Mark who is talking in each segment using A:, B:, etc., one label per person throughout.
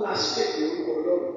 A: las que no color.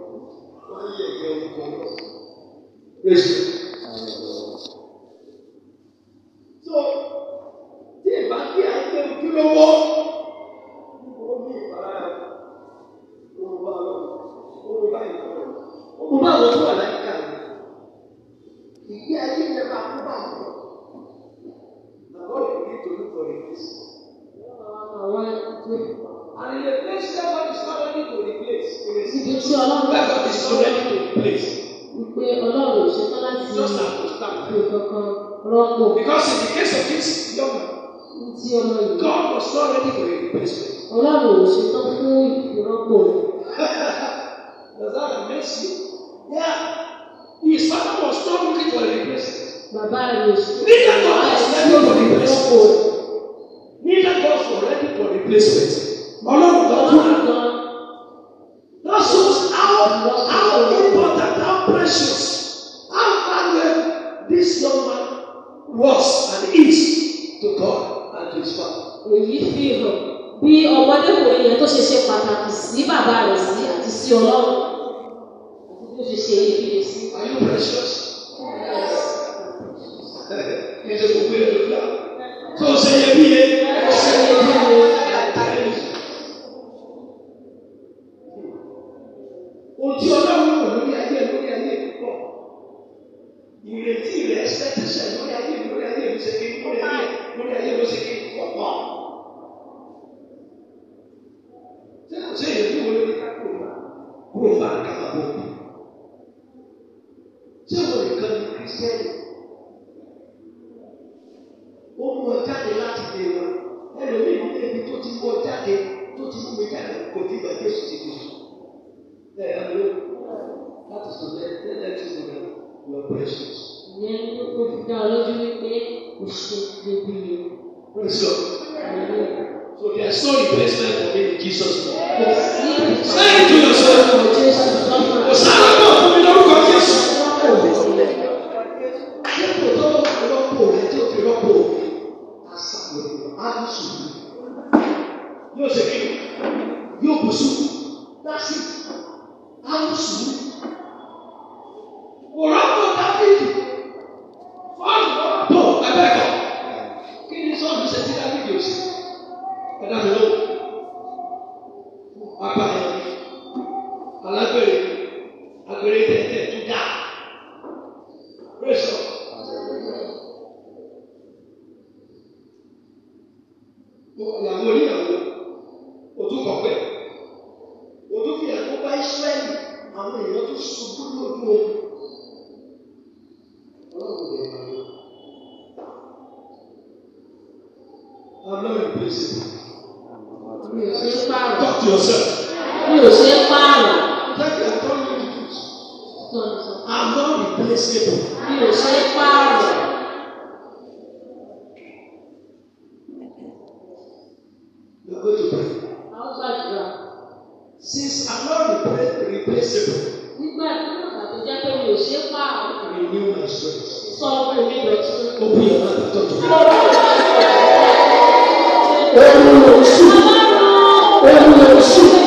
A: gbàgbọ́ pé ṣé wọ́n nìkan ní kìrìsìtẹ́nì ó mú ọ láti dé wọn ẹlòmíì ní ebi tó ti mú ọ tó ti mú mi jáde kò tí ìgbà Jésù ti kù ẹ ẹ ló láti sọ lẹ ẹ lẹ ti lẹ lọ precious. ìyẹn ó fi dá ọ wípé kò ṣe gbogbo yẹn. praise God. so there is no replacement for me in Jesus name. say it to yourself. Só por mim, Open your mouth and talk to him. Olu lo su. Olu lo su.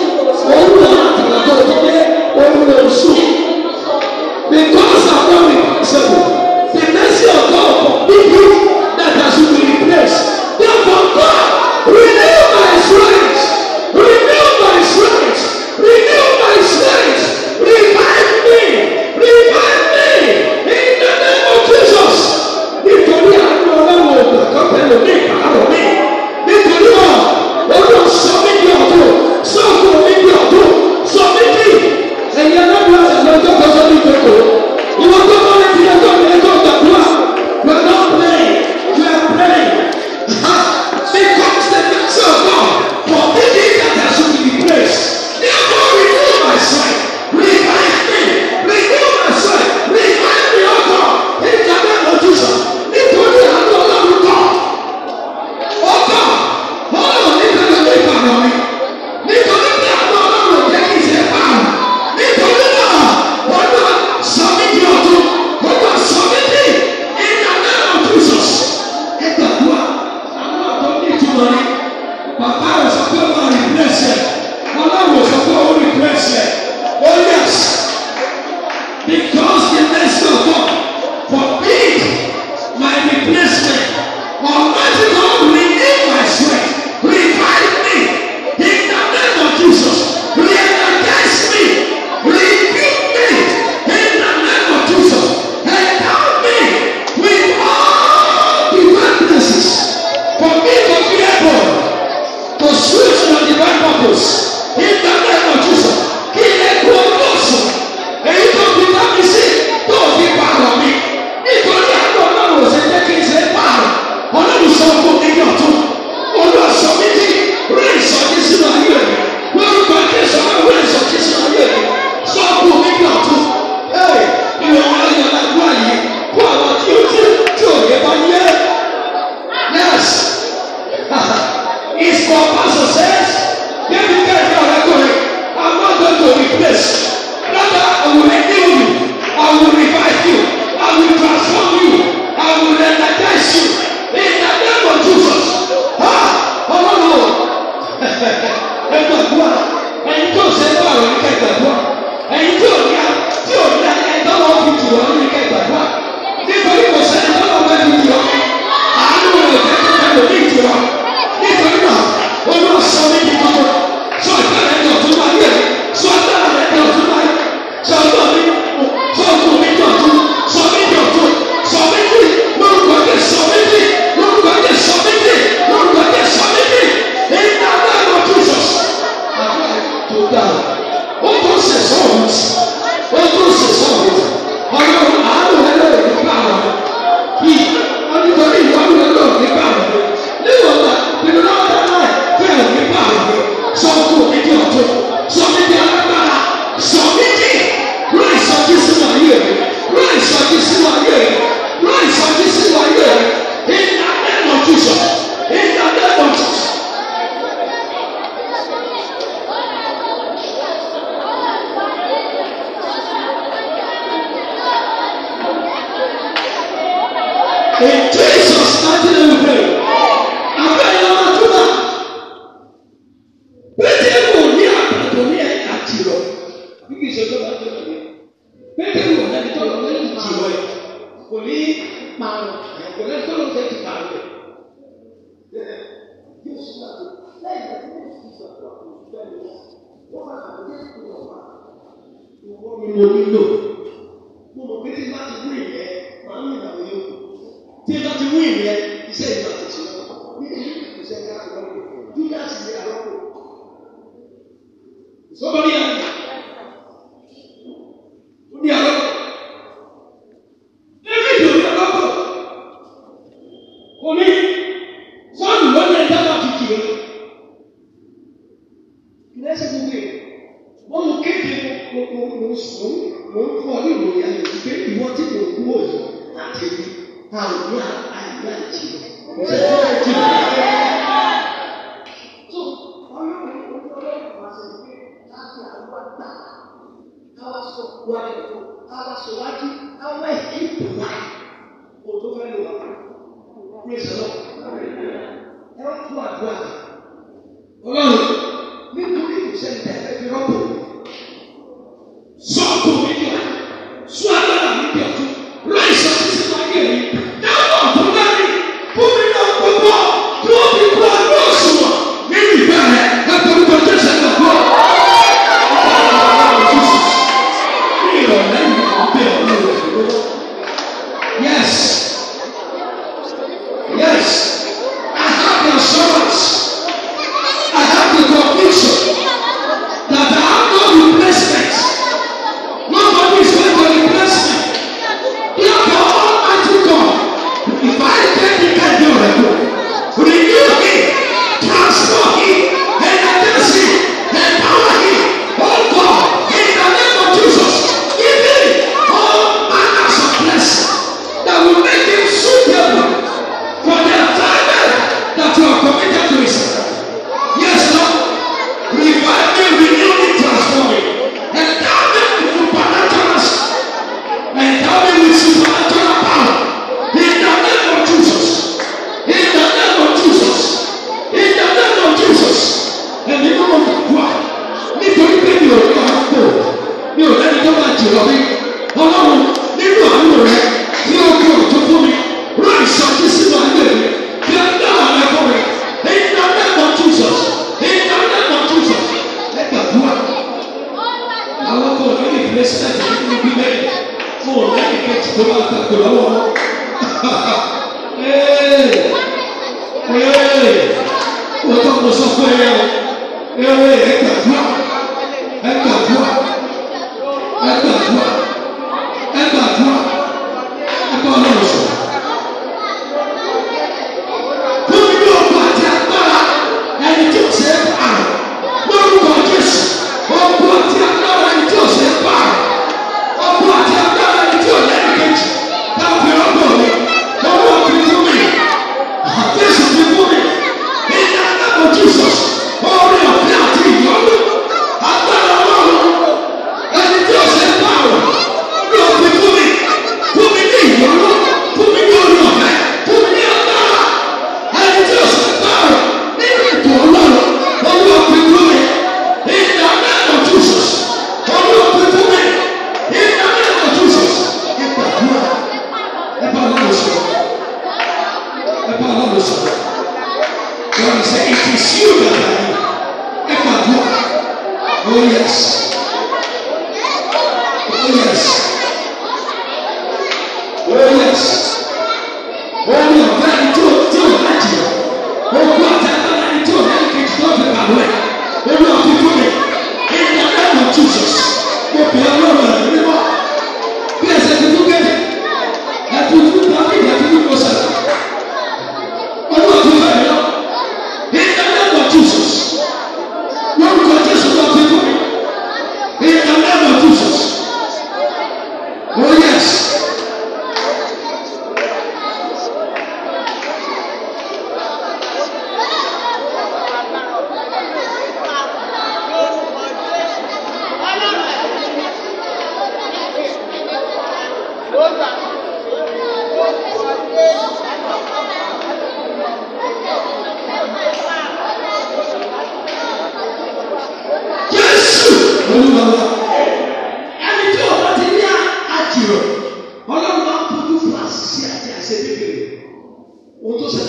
A: in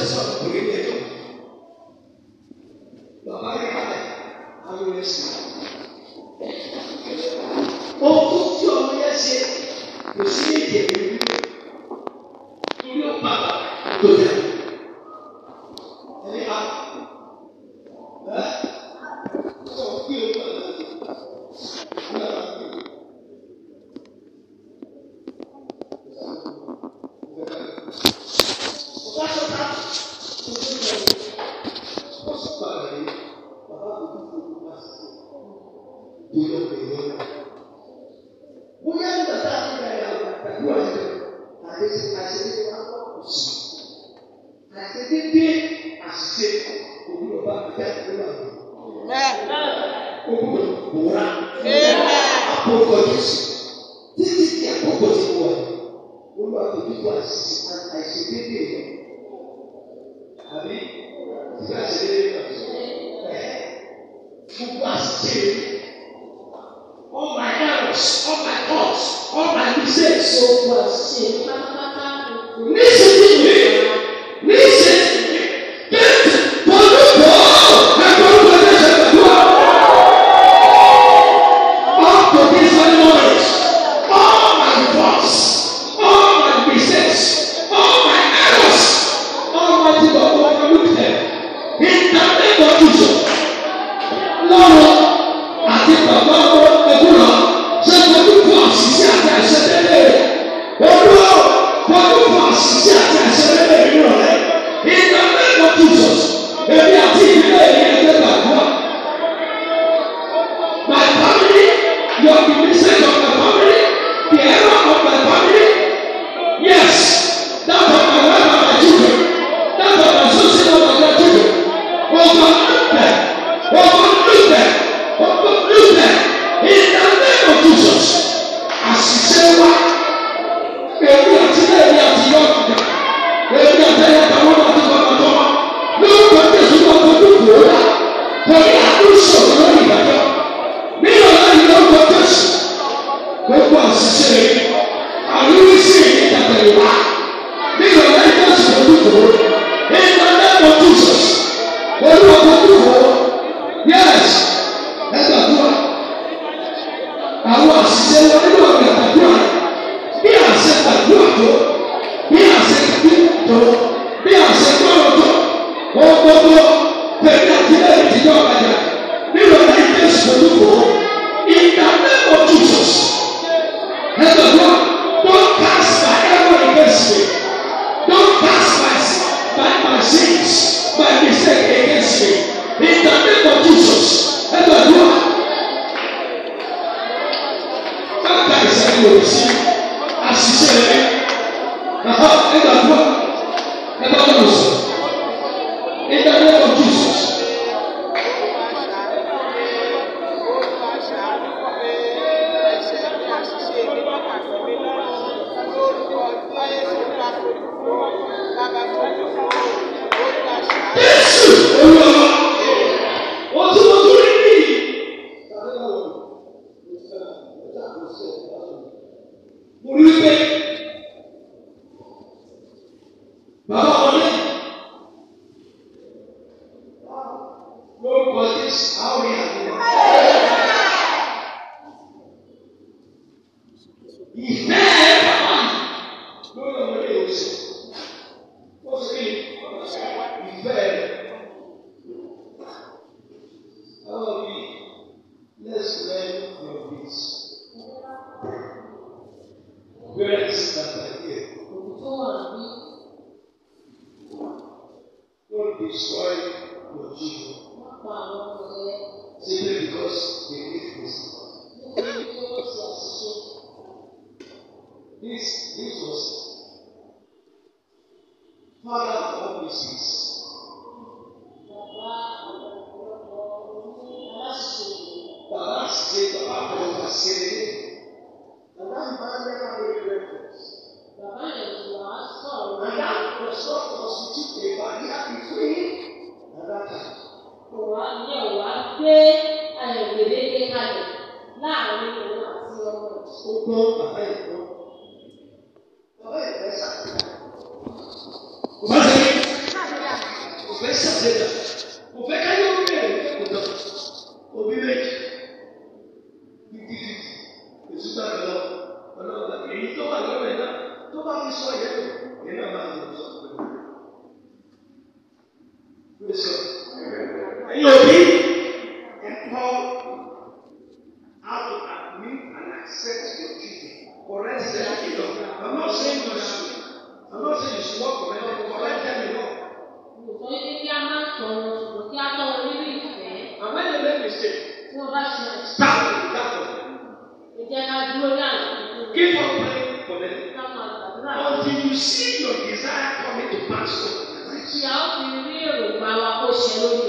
A: eso, think? see your desire coming to pass. Se algo viu, vai lá, poxa, eu é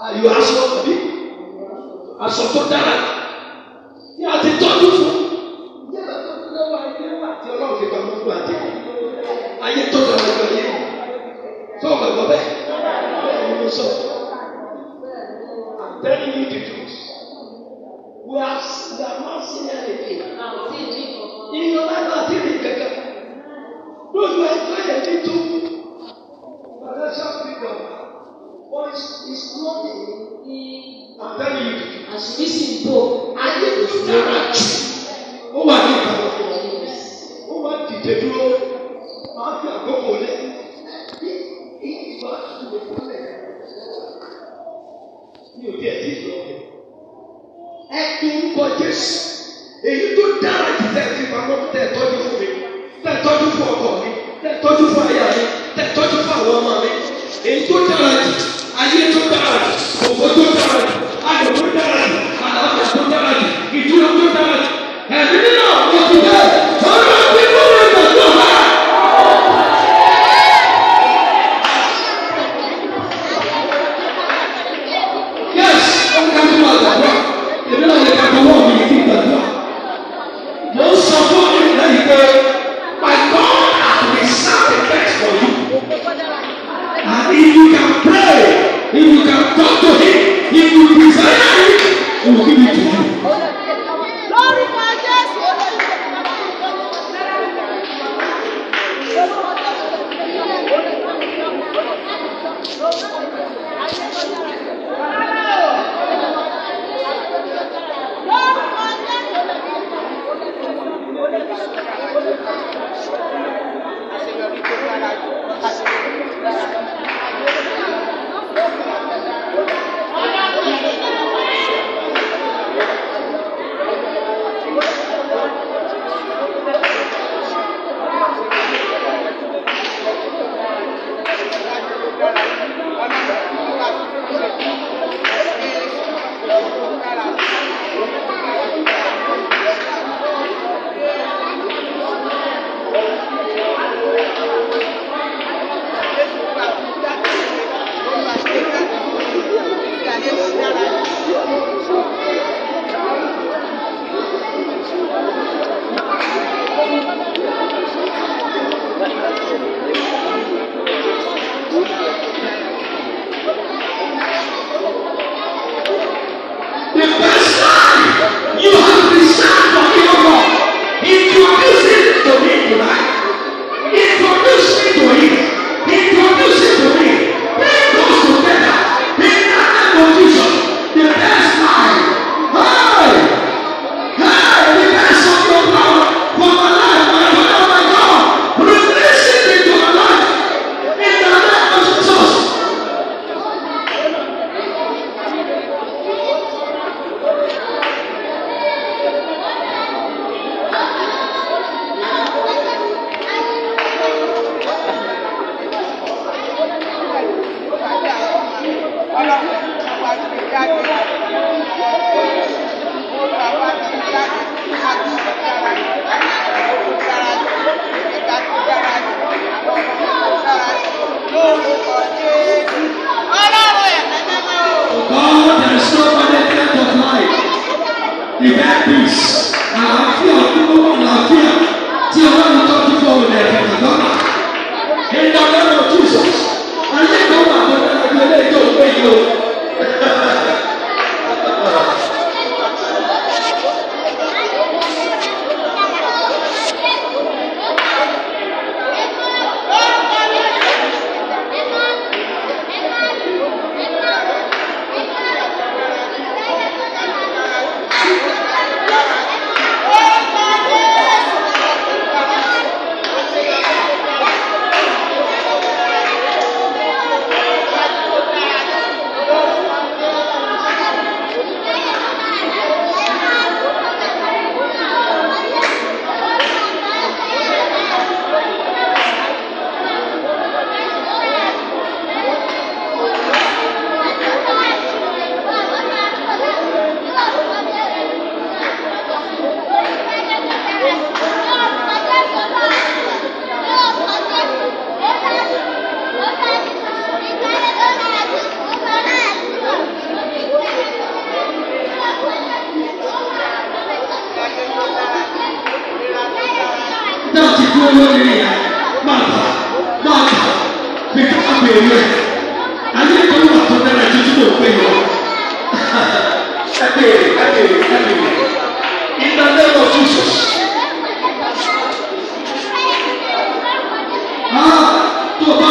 A: ayò aṣọ tàbí aṣọ tó dára tí a ti tọ́jú fún yàrá tó ti lọ́wọ́ ayé wà tí ọlọ́run fi pamọ́ fún àjẹ́ ayé tó dára lọ yé tó o gbàgbọ́ bẹ́ẹ̀ ọ̀hún ló sọ. I'm telling you the truth. We have, we have not seen anything. In your life, I didn't get up. No, you are enjoying a for clothing. I'm telling you. As you listen to, I need to direct you. Ó wà ní ìkàwé fún ọ. Ó wà dìde dúró. Màá fi àkókò lẹ̀. Bí ìgbà tó lè fún ẹ̀. Mi ò tiẹ̀ sí ìlọ. Ẹ torúkọ Jésù. Èyí tó dára jù tẹ̀ sí ìpamọ́ tẹ̀ tọ́jú fún mi. Tẹ̀ tọ́jú fún ọkọ mi. Tẹ̀ tọ́jú fún aya mi. Tẹ̀ tọ́jú fún àwọn ọmọ mi. Èyí tó dára jù. Ẹ̀mí nínú ọ̀rọ̀. peace.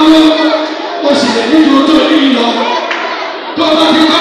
A: lówó o sì lè nídìí ojú òní yìí lọ tó o bá fi kọ́.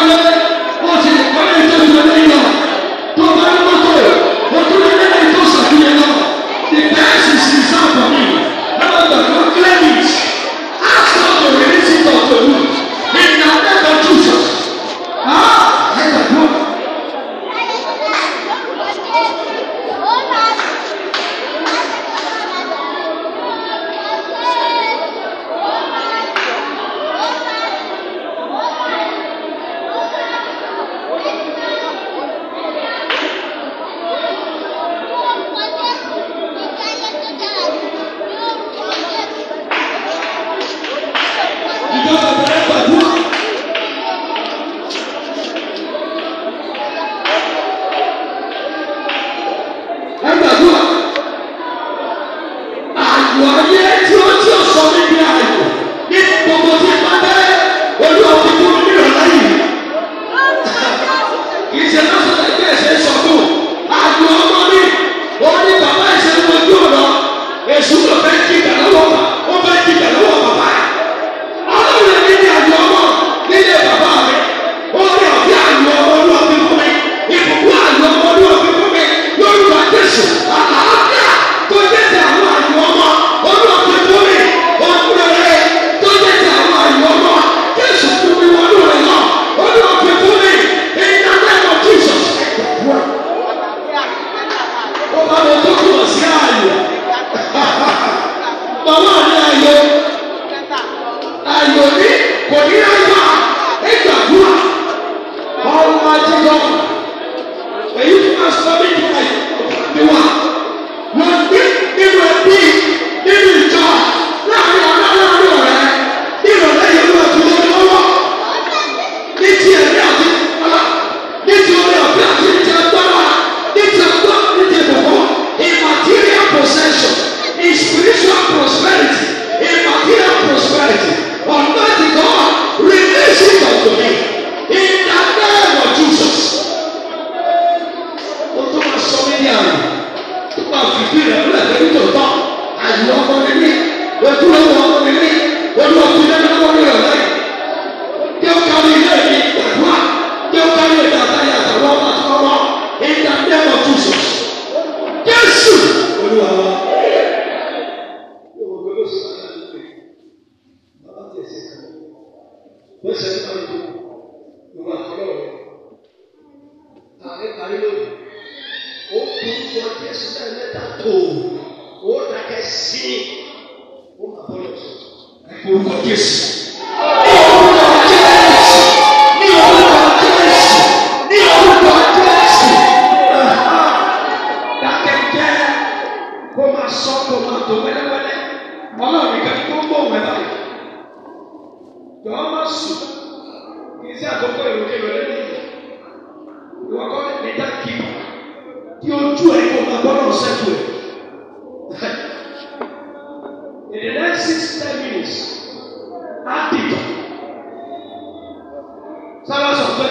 A: are your あ、そ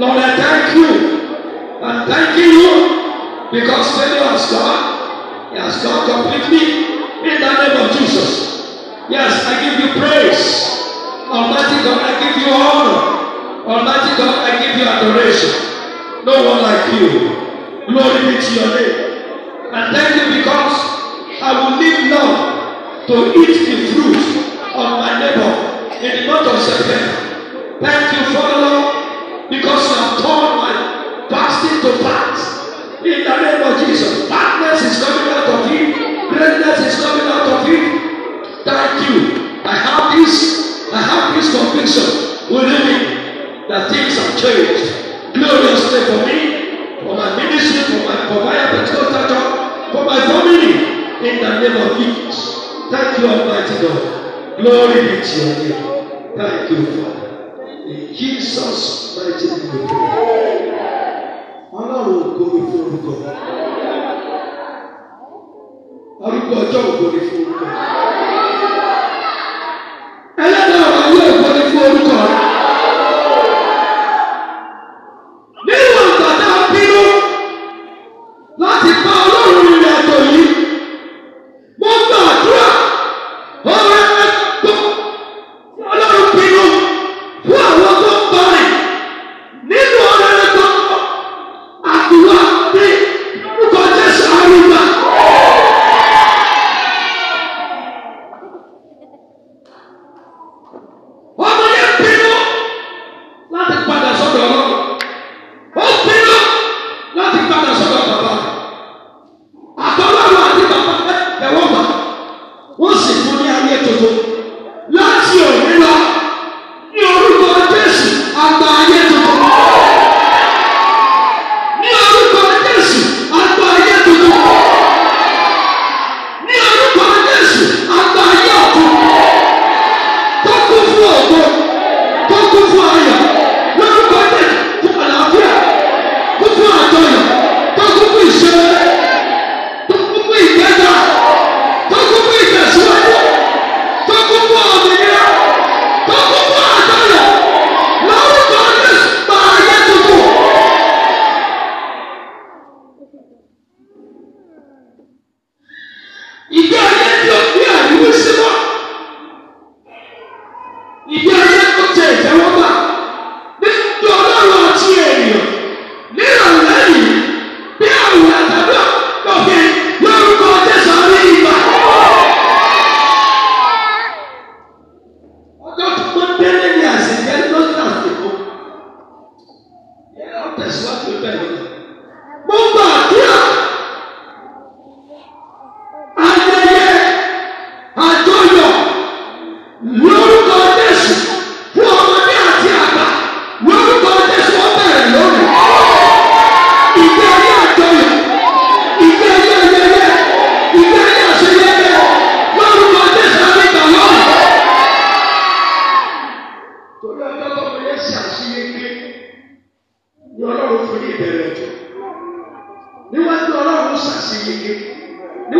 A: Lord, I thank you. I'm thanking you because when you has done, He has done completely in the name of Jesus. Yes, I give you praise. Almighty God, I give you honor. Almighty God, I give you adoration. No one like you. Glory be to your name. And thank you because I will live long to eat the fruit of my labor in the month of September. Thank you, Father. In the name of Jesus, madness is coming out of you. Greatness is coming out of you. Thank you. I have this. I have this conviction within me that things have changed gloriously for me, for my ministry, for my for my apostolic church, for my family. In the name of Jesus, thank you, Almighty God. Glory be to your name. Thank you, Father. In Jesus' mighty name ọlọ́run ògo ni fún orúkọ orúkọ ọjọ́ ògo ni fún orúkọ ẹlẹ́dàá ọ̀rọ̀ yóò ògo ni fún orúkọ.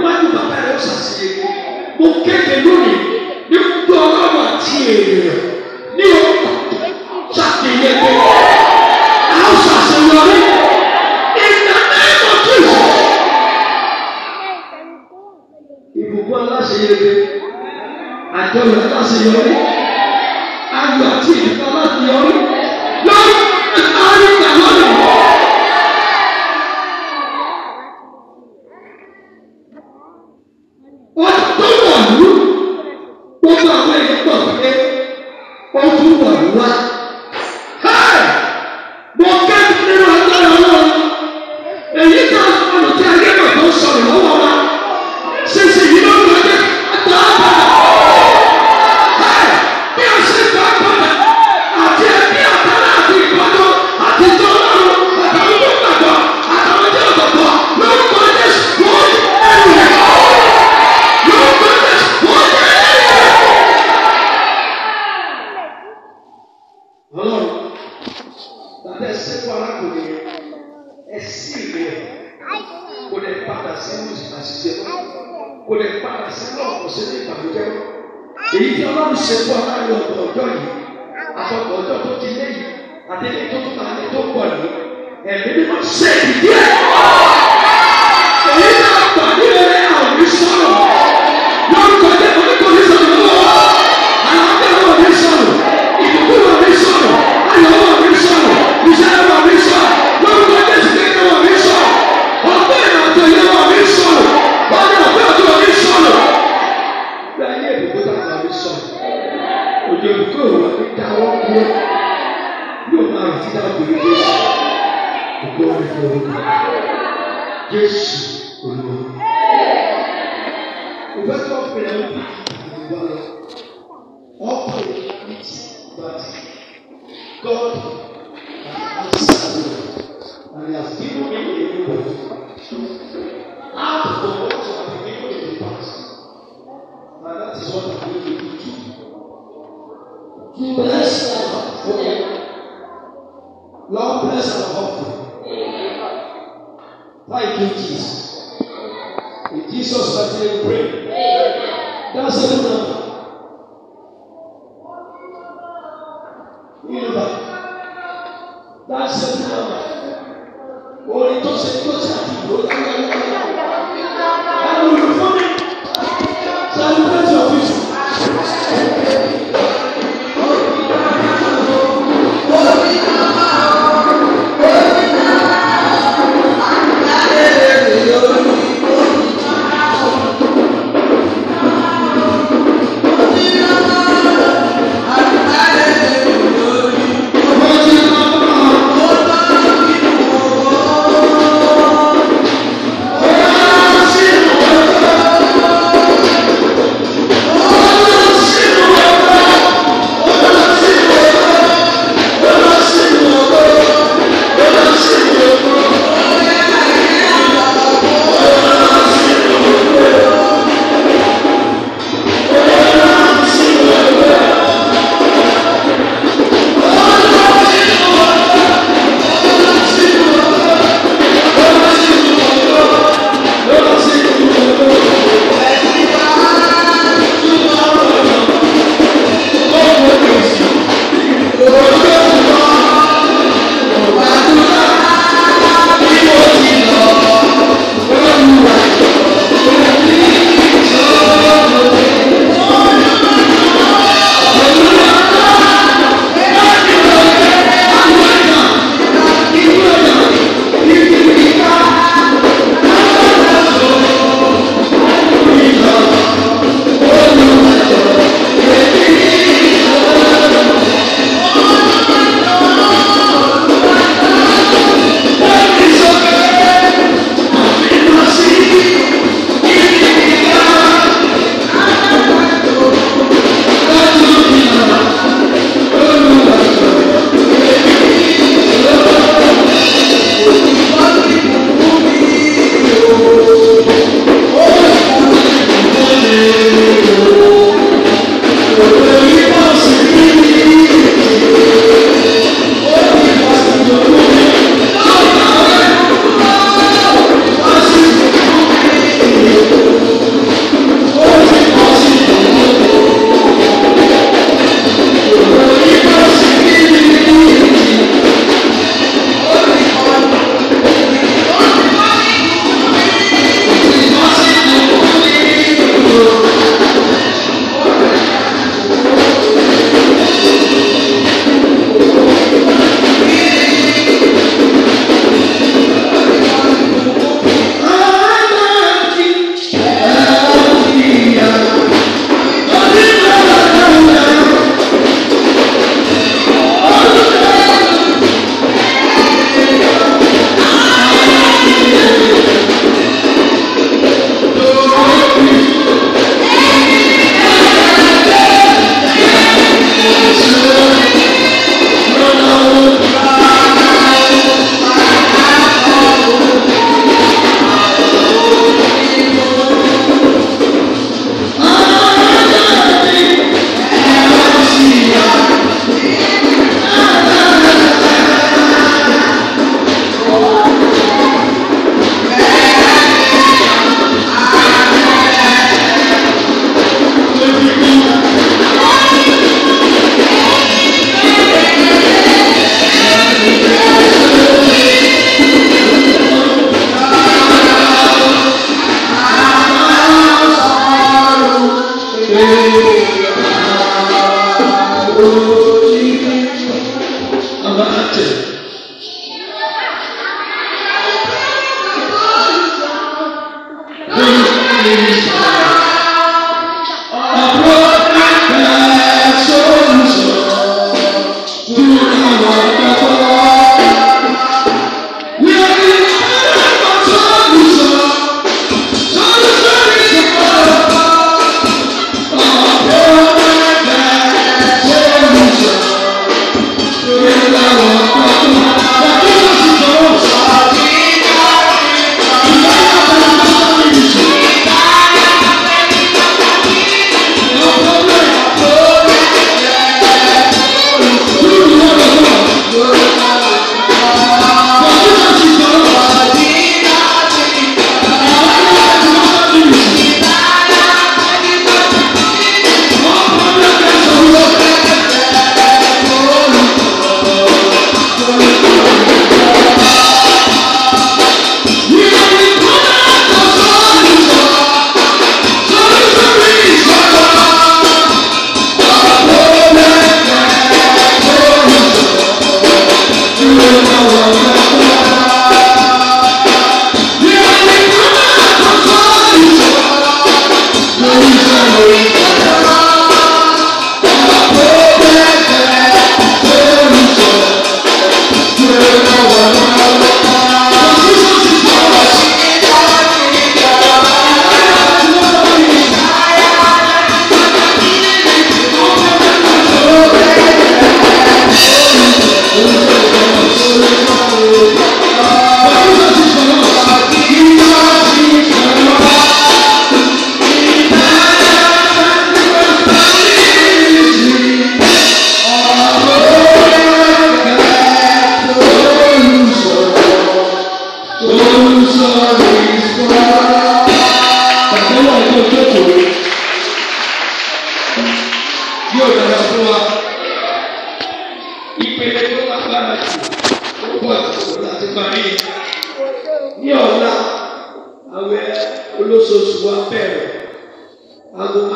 A: wájú bàbá rẹ̀ ó ṣàṣeyẹ. Mo kéde lónìí ní gbogbo ọlọ́run àti èèyàn ní ọkọ̀ ṣàṣeyẹ pé a ó ṣàṣeyọrí. Ìbùkún aláṣeyẹ pé àjọyọ̀ aláṣeyọrí. òde nǹkan ìwà fi dáwọ́ dúró yóò máa rìn sí dáàbò ní Jésù ògbó orí fún orúkọ Jésù olúwa. Òfé tó fẹ́ ẹ bí ìwà lọ, ọkọ̀ ìdí bàtì, God has answered and he has given me a new body. Ask for what you have been given in the past, and that is what I will do. Bless our hope. Lord, bless our hope. Thank you, Jesus. In Jesus' name, pray. That's it now. That's it now. Only to say,